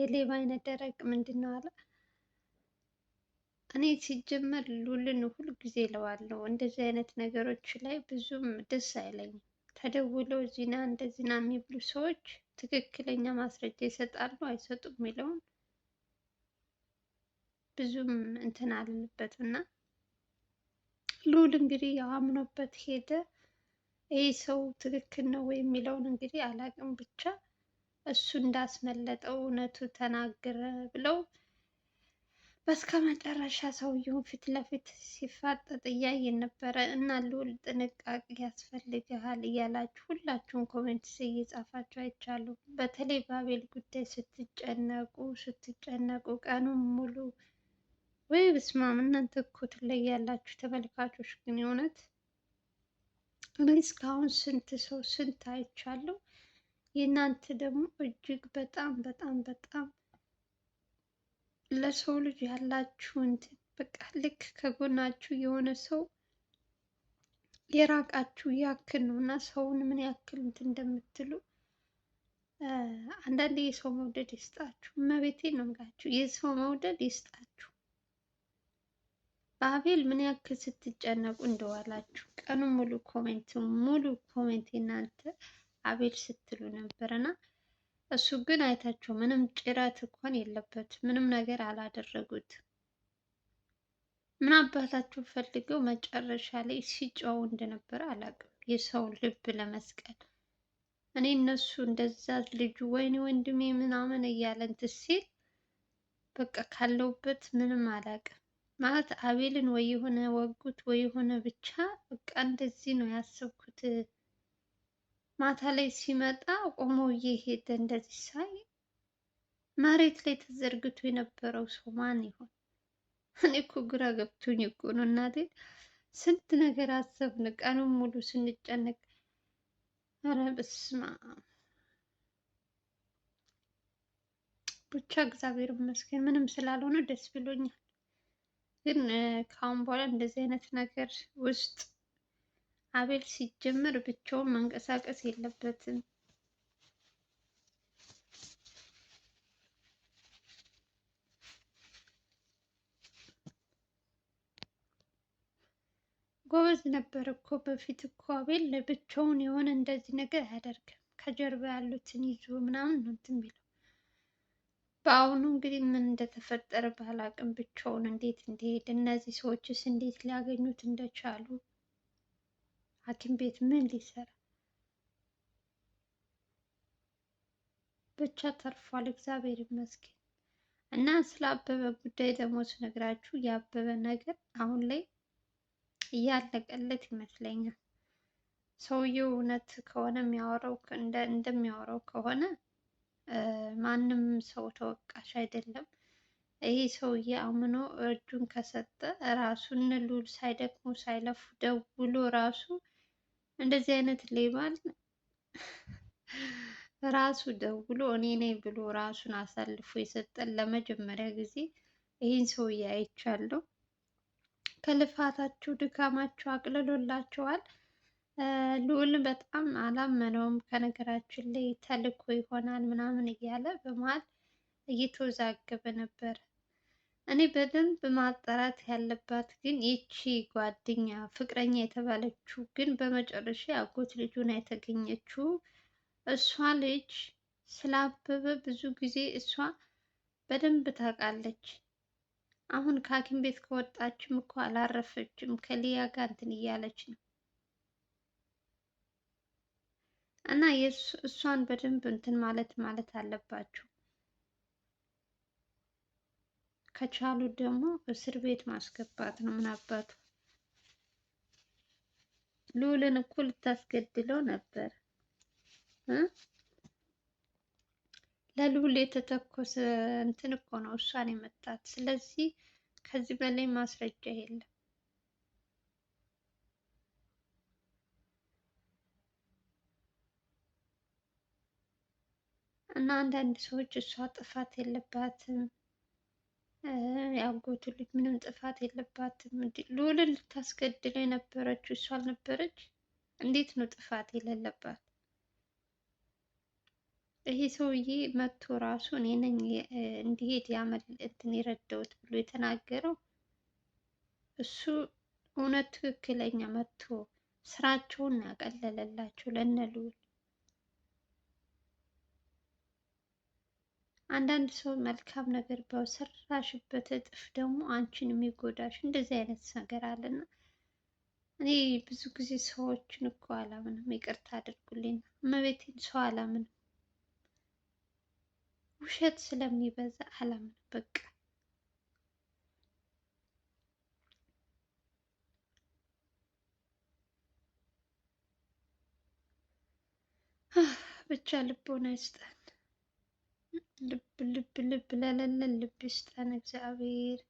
የሌባ አይነት ደረቅ ምንድን ነው አለ። እኔ ሲጀመር ሉልን ሁል ጊዜ እለዋለሁ እንደዚህ አይነት ነገሮች ላይ ብዙም ደስ አይለኝም። ተደውለው ዚና እንደ ዚና የሚብሉ ሰዎች ትክክለኛ ማስረጃ ይሰጣሉ አይሰጡም የሚለውን ብዙም እንትን አልንበትም እና ሉል እንግዲህ ያው አምኖበት ሄደ። ይህ ሰው ትክክል ነው ወይ የሚለውን እንግዲህ አላቅም ብቻ እሱ እንዳስመለጠው እውነቱ ተናገረ ብለው በስከ መጨረሻ ሰውየውን ፊት ለፊት ሲፋጠጥ እያየን ነበረ። እና ልዑል ጥንቃቄ ያስፈልግሃል እያላችሁ ሁላችሁን ኮሜንት እየጻፋችሁ አይቻሉ። በተለይ በአቤል ጉዳይ ስትጨነቁ ስትጨነቁ ቀኑን ሙሉ ወይ ብስማ እናንተ እኮ ትለያላችሁ ተመልካቾች። ግን የእውነት እኔ እስካሁን ስንት ሰው ስንት አይቻለሁ የእናንተ ደግሞ እጅግ በጣም በጣም በጣም ለሰው ልጅ ያላችሁ እንትን በቃ ልክ ከጎናችሁ የሆነ ሰው የራቃችሁ ያክል ነው እና ሰውን ምን ያክል እንትን እንደምትሉ አንዳንዴ የሰው መውደድ ይስጣችሁ። እመቤቴ ነው ምላችሁ፣ የሰው መውደድ ይስጣችሁ። በአቤል ምን ያክል ስትጨነቁ እንደዋላችሁ ቀኑ ሙሉ ኮሜንት ሙሉ ኮሜንት የእናንተ አቤል ስትሉ ነበር እና እሱ ግን አይታችሁ ምንም ጭረት እንኳን የለበት ምንም ነገር አላደረጉት። ምን አባታችሁ ፈልገው መጨረሻ ላይ ሲጨው እንደነበረ አላውቅም። የሰውን ልብ ለመስቀል እኔ እነሱ እንደዛ ልጁ ወይኔ ወንድሜ ምናምን እያለ እንትን ሲል በቃ ካለውበት ምንም አላውቅም ማለት አቤልን ወይ የሆነ ወጉት ወይ የሆነ ብቻ በቃ እንደዚህ ነው ያሰብኩት። ማታ ላይ ሲመጣ ቆሞ እየሄደ እንደዚህ ሳይ መሬት ላይ ተዘርግቶ የነበረው ሰው ማን ይሆን? እኔ እኮ ግራ ገብቶኝ እኮ ነው እናቴ። ስንት ነገር አሰብን ቀኑን ሙሉ ስንጨነቅ። ኧረ በስመ አብ ብቻ እግዚአብሔር ይመስገን ምንም ስላልሆነ ደስ ብሎኛል። ግን ከአሁን በኋላ እንደዚህ አይነት ነገር ውስጥ አቤል ሲጀመር ብቻውን መንቀሳቀስ የለበትም። ጎበዝ ነበር እኮ በፊት እኮ አቤል ለብቻውን የሆነ እንደዚህ ነገር አያደርግም። ከጀርባ ያሉትን ይዞ ምናምን ነው እንትን የሚለው። በአሁኑ እንግዲህ ምን እንደተፈጠረ ባላቅም ብቻውን እንዴት እንደሄድ እነዚህ ሰዎችስ እንዴት ሊያገኙት እንደቻሉ ሐኪም ቤት ምን ሊሰራ ብቻ ተርፏል። እግዚአብሔር ይመስገን። እና ስለ አበበ ጉዳይ ደግሞ ስነግራችሁ የአበበ ነገር አሁን ላይ እያለቀለት ይመስለኛል። ሰውየው እውነት ከሆነ የሚያወራው እንደሚያወራው ከሆነ ማንም ሰው ተወቃሽ አይደለም። ይህ ሰውዬ አምኖ እጁን ከሰጠ ራሱን ሉል ሳይደክሙ ሳይለፉ ደውሎ ራሱ እንደዚህ አይነት ሌባን ራሱ ደውሎ እኔ ነኝ ብሎ ራሱን አሳልፎ የሰጠን ለመጀመሪያ ጊዜ ይህን ሰውዬ አይቻለሁ። ከልፋታቸው ድካማቸው አቅልሎላቸዋል። ልዑል በጣም አላመነውም። ከነገራችን ላይ ተልኮ ይሆናል ምናምን እያለ በመሀል እየተወዛገበ ነበር። እኔ በደንብ ማጣራት ያለባት ግን ይቺ ጓደኛ ፍቅረኛ የተባለችው ግን በመጨረሻ የአጎት ልጁን የተገኘችው እሷ ልጅ ስላበበ ብዙ ጊዜ እሷ በደንብ ታውቃለች። አሁን ከሐኪም ቤት ከወጣችም እኮ አላረፈችም፣ ከሊያ ጋር እንትን እያለች ነው እና እሷን በደንብ እንትን ማለት ማለት አለባችሁ። ከቻሉ ደግሞ እስር ቤት ማስገባት ነው። ምን አባቱ ልዑልን እኮ ልታስገድለው ነበር። ለልዑል የተተኮሰ እንትን እኮ ነው እሷን የመታት። ስለዚህ ከዚህ በላይ ማስረጃ የለም። እና አንዳንድ ሰዎች እሷ ጥፋት የለባትም የአጎቱ ልጅ ምንም ጥፋት የለባትም። ልዑልን ልታስገድል የነበረችው እሷ አልነበረች? እንዴት ነው ጥፋት የሌለባት? ይሄ ሰውዬ መጥቶ ራሱ እኔ ነኝ እንዲሄድ ያመል እንትን የረዳሁት ብሎ የተናገረው እሱ እውነት ትክክለኛ መጥቶ ስራቸውን ያቀለለላቸው ለነ ልዑል አንዳንድ ሰው መልካም ነገር በሰራሽበት እጥፍ ደግሞ አንቺን የሚጎዳሽ እንደዚህ አይነት ነገር አለና እኔ ብዙ ጊዜ ሰዎችን እኮ አላምንም። ይቅርታ አድርጉልኝ፣ እመቤቴን ሰው አላምንም። ውሸት ስለሚበዛ አላምንም። በቃ ብቻ ልቦና ይስጠን። ልብ ልብ ልብ ለለለን ልብ ይስጠን እግዚአብሔር።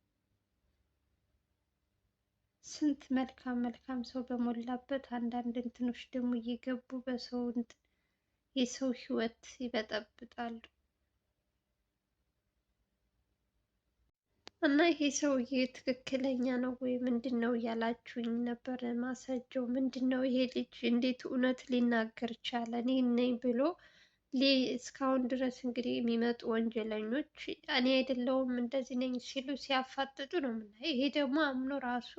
ስንት መልካም መልካም ሰው በሞላበት አንዳንድ እንትኖች ደግሞ እየገቡ በሰው የሰው ህይወት ይበጠብጣሉ። እና ይሄ ሰውዬ ትክክለኛ ነው ወይ ምንድን ነው እያላችሁኝ ነበር። ማሳጀው ምንድን ነው ይሄ ልጅ እንዴት እውነት ሊናገር ቻለ? እኔ ነኝ ብሎ እስካሁን ድረስ እንግዲህ የሚመጡ ወንጀለኞች እኔ አይደለሁም እንደዚህ ነኝ ሲሉ ሲያፋጥጡ ነው የምናየው። ይሄ ደግሞ አምኖ ራሱ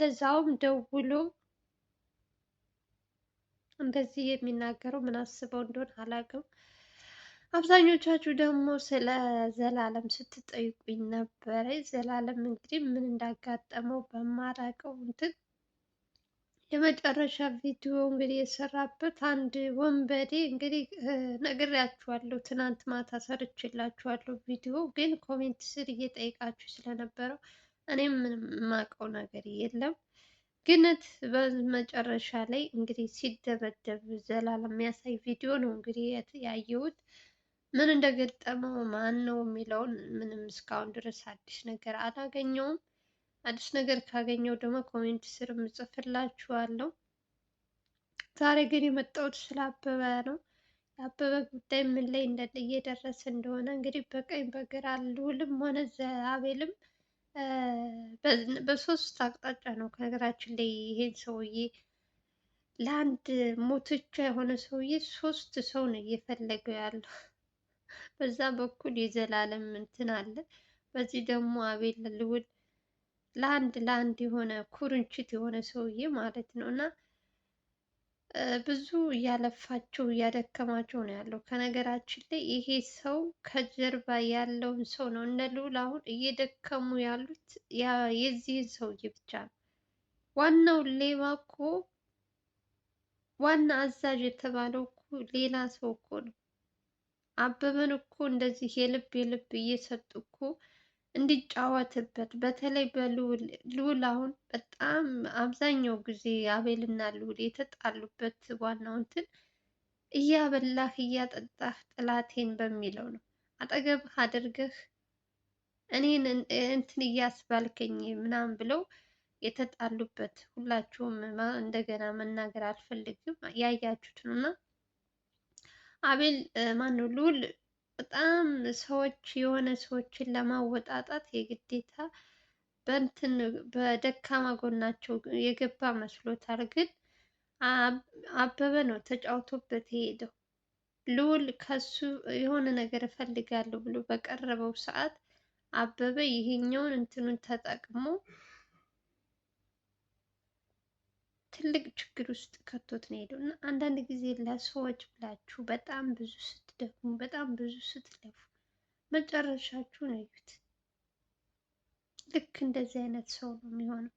ለዛውም ደውሎ እንደዚህ የሚናገረው ምን አስበው እንደሆነ አላውቅም። አብዛኞቻችሁ ደግሞ ስለ ዘላለም ስትጠይቁኝ ነበረ። ዘላለም እንግዲህ ምን እንዳጋጠመው በማላውቀው እንትን የመጨረሻ ቪዲዮ እንግዲህ የሰራበት አንድ ወንበዴ እንግዲህ ነግሬያችኋለሁ። ትናንት ማታ ሰርችላችኋለሁ ቪዲዮ ግን ኮሜንት ስር እየጠየቃችሁ ስለነበረው እኔም ምንም የማውቀው ነገር የለም። ግነት በመጨረሻ ላይ እንግዲህ ሲደበደብ ዘላለም የሚያሳይ ቪዲዮ ነው እንግዲህ ያየሁት። ምን እንደገጠመው ማን ነው የሚለውን ምንም እስካሁን ድረስ አዲስ ነገር አላገኘውም። አዲስ ነገር ካገኘው ደግሞ ኮሜንት ስር ምጽፍላችኋለሁ። ዛሬ ግን የመጣሁት ስለ አበበ ነው። የአበበ ጉዳይ ምን ላይ እየደረሰ እንደሆነ እንግዲህ በቀኝ በግራ ልዑልም ሆነ አቤልም በሶስት አቅጣጫ ነው ከነገራችን ላይ ይሄን ሰውዬ ለአንድ ሞትቻ የሆነ ሰውዬ ሶስት ሰው ነው እየፈለገው ያለው። በዛ በኩል የዘላለም እንትን አለ፣ በዚህ ደግሞ አቤል ልዑል ለአንድ ለአንድ የሆነ ኩርንችት የሆነ ሰውዬ ማለት ነው እና ብዙ እያለፋቸው እያደከማቸው ነው ያለው። ከነገራችን ላይ ይሄ ሰው ከጀርባ ያለውን ሰው ነው እነ ልዑል አሁን እየደከሙ ያሉት የዚህን ሰውዬ ብቻ ነው። ዋናው ሌባ እኮ ዋና አዛዥ የተባለው እኮ ሌላ ሰው እኮ ነው። አበበን እኮ እንደዚህ የልብ የልብ እየሰጡ እኮ እንዲጫወትበት በተለይ በልዑል ልዑል አሁን በጣም አብዛኛው ጊዜ አቤልና ልዑል የተጣሉበት ዋናው እንትን እያበላህ እያጠጣህ ጥላቴን በሚለው ነው። አጠገብህ አድርገህ እኔን እንትን እያስባልከኝ ምናምን ብለው የተጣሉበት ሁላችሁም እንደገና መናገር አልፈልግም ያያችሁት ነው እና አቤል ማነው ልዑል በጣም ሰዎች የሆነ ሰዎችን ለማወጣጣት የግዴታ በእንትን በደካማ ጎናቸው የገባ መስሎታል። ግን አበበ ነው ተጫውቶበት የሄደው። ልዑል ከሱ የሆነ ነገር እፈልጋለሁ ብሎ በቀረበው ሰዓት አበበ ይሄኛውን እንትኑን ተጠቅሞ ትልቅ ችግር ውስጥ ከቶት ነው የሄደው እና አንዳንድ ጊዜ ለሰዎች ብላችሁ በጣም ብዙ ስትደክሙ፣ በጣም ብዙ ስትለፉ መጨረሻችሁን እዩት። ልክ እንደዚህ አይነት ሰው ነው የሚሆነው።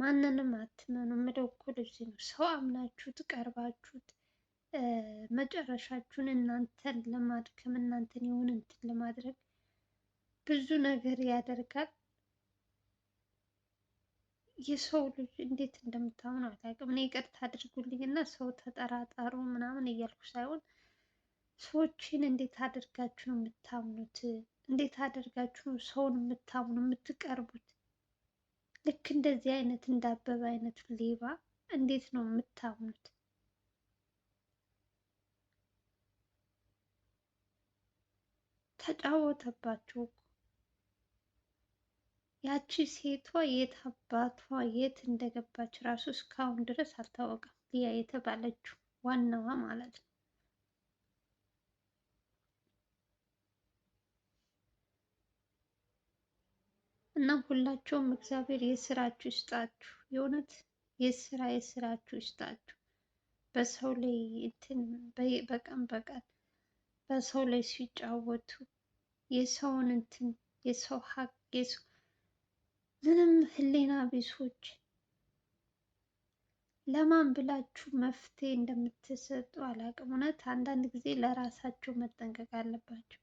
ማንንም አትመኑ። የምለው እኮ ለዚህ ነው ሰው አምናችሁት ቀርባችሁት መጨረሻችሁን እናንተን ለማድከም እናንተን የሆነ እንትን ለማድረግ ብዙ ነገር ያደርጋል። የሰው ልጅ እንዴት እንደምታምኑ አላውቅም። እኔ ይቅርታ አድርጉልኝ እና ሰው ተጠራጠሩ ምናምን እያልኩ ሳይሆን ሰዎችን እንዴት አድርጋችሁ ነው የምታምኑት? እንዴት አድርጋችሁ ሰውን የምታምኑ የምትቀርቡት? ልክ እንደዚህ አይነት እንዳበበ አይነቱ ሌባ እንዴት ነው የምታምኑት? ተጫወተባችሁ። ያቺ ሴቷ የት አባቷ የት እንደገባች ራሱ እስካሁን ድረስ አልታወቀም። ሊያ የተባለችው ዋናዋ ማለት ነው። እና ሁላቸውም እግዚአብሔር የስራችሁ ይስጣችሁ። የእውነት የስራ የስራችሁ ይስጣችሁ። በሰው ላይ እንትን በቀን በቀን በሰው ላይ ሲጫወቱ የሰውን እንትን የሰው ሀቅ የሰው ምንም ህሊና ቢሶች ለማን ብላችሁ መፍትሄ እንደምትሰጡ አላቅም። እውነት አንዳንድ ጊዜ ለራሳቸው መጠንቀቅ አለባቸው።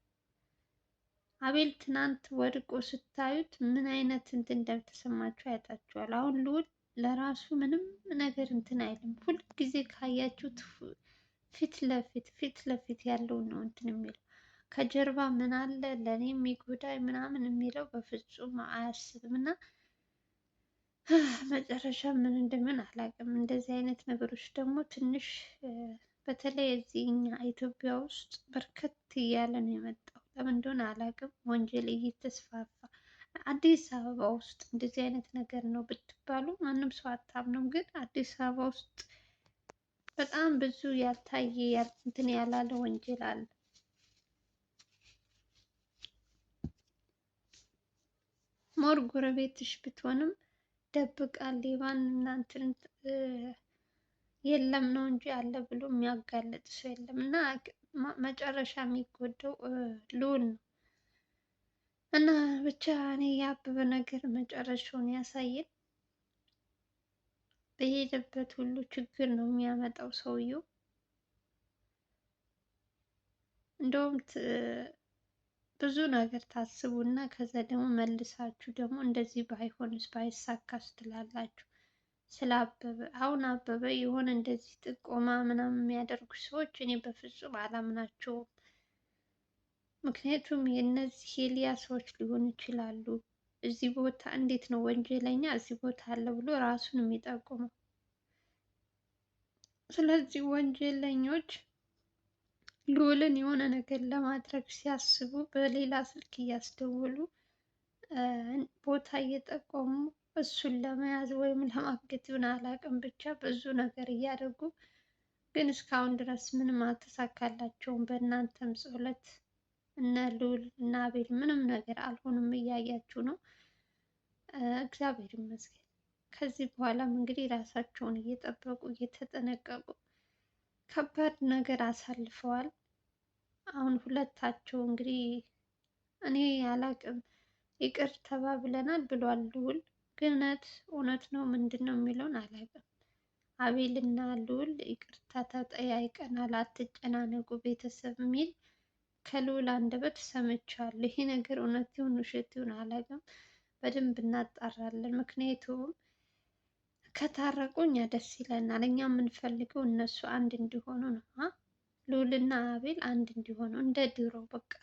አቤል ትናንት ወድቆ ስታዩት ምን አይነት እንትን እንደተሰማችሁ አያታችኋል። አሁን ልውል ለራሱ ምንም ነገር እንትን አይልም። ጊዜ ካያችሁት ፊት ለፊት ፊት ለፊት ያለው ነው እንትን የሚለው ከጀርባ ምን አለ ለእኔ የሚጎዳይ ምናምን የሚለው በፍጹም አያስብም። እና መጨረሻ ምን እንደምን አላውቅም። እንደዚህ አይነት ነገሮች ደግሞ ትንሽ በተለይ እዚህ እኛ ኢትዮጵያ ውስጥ በርከት እያለ ነው የመጣው። ለምን እንደሆነ አላውቅም፣ ወንጀል እየተስፋፋ አዲስ አበባ ውስጥ እንደዚህ አይነት ነገር ነው ብትባሉ ማንም ሰው አታምነውም። ግን አዲስ አበባ ውስጥ በጣም ብዙ ያልታየ እንትን ያላለ ወንጀል አለ። ሞር ጎረቤትሽ ብትሆንም ደብቃ ሌባን እናንትን የለም ነው እንጂ አለ ብሎ የሚያጋለጥ ሰው የለም እና መጨረሻ የሚጎዳው ልዑል ነው። እና ብቻ እኔ የአበበ ነገር መጨረሻውን ያሳየን። በሄደበት ሁሉ ችግር ነው የሚያመጣው ሰውየው። እንደውም ብዙ ነገር ታስቡና ከዛ ደግሞ መልሳችሁ ደግሞ እንደዚህ ባይሆንስ ባይሳካስ ትላላችሁ። ስለ አበበ አሁን አበበ የሆነ እንደዚህ ጥቆማ ምናምን የሚያደርጉ ሰዎች እኔ በፍጹም አላምናቸውም። ምክንያቱም የእነዚህ ሄሊያ ሰዎች ሊሆኑ ይችላሉ። እዚህ ቦታ እንዴት ነው ወንጀለኛ እዚህ ቦታ አለ ብሎ ራሱን የሚጠቁመው? ስለዚህ ወንጀለኞች ልዑልን የሆነ ነገር ለማድረግ ሲያስቡ በሌላ ስልክ እያስደወሉ ቦታ እየጠቆሙ እሱን ለመያዝ ወይም ለማገት ይሁን አላውቅም፣ ብቻ ብዙ ነገር እያደረጉ ግን እስካሁን ድረስ ምንም አልተሳካላቸውም። በእናንተም ጸሎት እነ ልዑል እና አቤል ምንም ነገር አልሆኑም፣ እያያችሁ ነው። እግዚአብሔር ይመስገን። ከዚህ በኋላም እንግዲህ ራሳቸውን እየጠበቁ እየተጠነቀቁ ከባድ ነገር አሳልፈዋል። አሁን ሁለታቸው እንግዲህ እኔ አላቅም ይቅር ተባብለናል ብሏል ልዑል ግነት እውነት ነው ምንድን ነው የሚለውን አላውቅም። እና ልዑል ይቅርታ ተጠያይቀናል፣ አትጨናነቁ ቤተሰብ የሚል ከልዑል አንደበት ሰምቻለሁ። ይሄ ነገር እውነት ይሁን ውሸት ይሁን አላውቅም፣ በደንብ እናጣራለን። ምክንያቱም ከታረቁ እኛ ደስ ይለናል። እኛ የምንፈልገው እነሱ አንድ እንዲሆኑ ነው። ልዑልና አቤል አንድ እንዲሆኑ እንደ ድሮ በቃ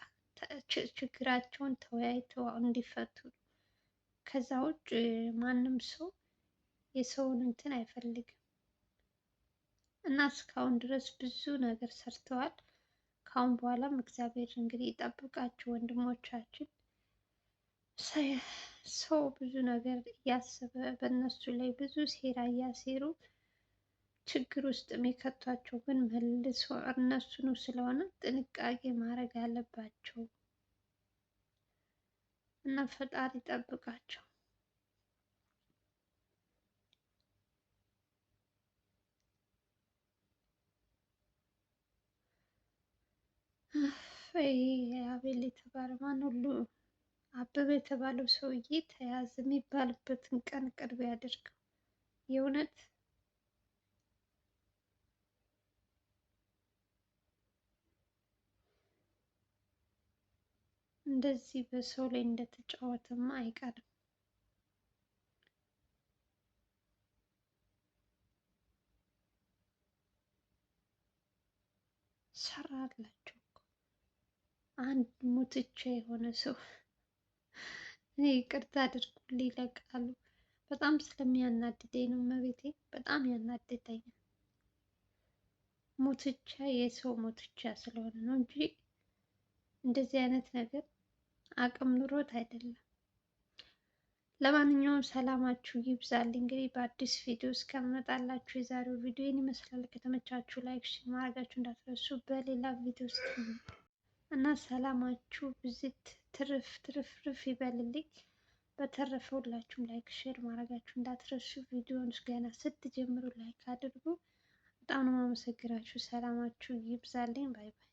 ችግራቸውን ተወያይተው እንዲፈቱ ነው። ከዛ ውጭ ማንም ሰው የሰውን እንትን አይፈልግም። እና እስካሁን ድረስ ብዙ ነገር ሰርተዋል። ካሁን በኋላም እግዚአብሔር እንግዲህ ይጠብቃችሁ ወንድሞቻችን። ሰው ብዙ ነገር እያሰበ በእነሱ ላይ ብዙ ሴራ እያሴሩ ችግር ውስጥ የሚከቷቸው ግን መልሶ እነሱኑ ስለሆነ ጥንቃቄ ማድረግ አለባቸው። እና ፈጣሪ ይጠብቃቸው። አቤል የተባለ ማን ሁሉ አበበ የተባለው ሰውዬ ተያዘ የሚባልበትን ቀን ቅርብ ያደርገው የእውነት እንደዚህ በሰው ላይ እንደተጫወተማ አይቀርም። ሰራላቸው አንድ ሙትቻ የሆነ ሰው እኔ ይቅርታ አድርጉልኝ ይለቃሉ። በጣም ስለሚያናድደኝ ነው መቤቴ፣ በጣም ያናድደኛል። ሙትቻ የሰው ሙትቻ ስለሆነ ነው እንጂ እንደዚህ አይነት ነገር አቅም ኑሮት አይደለም። ለማንኛውም ሰላማችሁ ይብዛል። እንግዲህ በአዲስ ቪዲዮ እስከምመጣላችሁ የዛሬው ቪዲዮ ይህን ይመስላል። ከተመቻችሁ ላይክ ማድረጋችሁ እንዳትረሱ። በሌላ ቪዲዮ ውስጥ እና ሰላማችሁ ብዝት ትርፍ ትርፍ ርፍ ይበልልኝ። በተረፈ ሁላችሁም ላይክ ሼር ማድረጋችሁ እንዳትረሱ። ቪዲዮውን ገና ስትጀምሩ ላይክ አድርጉ። በጣም ነው የማመሰግናችሁ። ሰላማችሁ ይብዛልኝ። ባይ ባይ።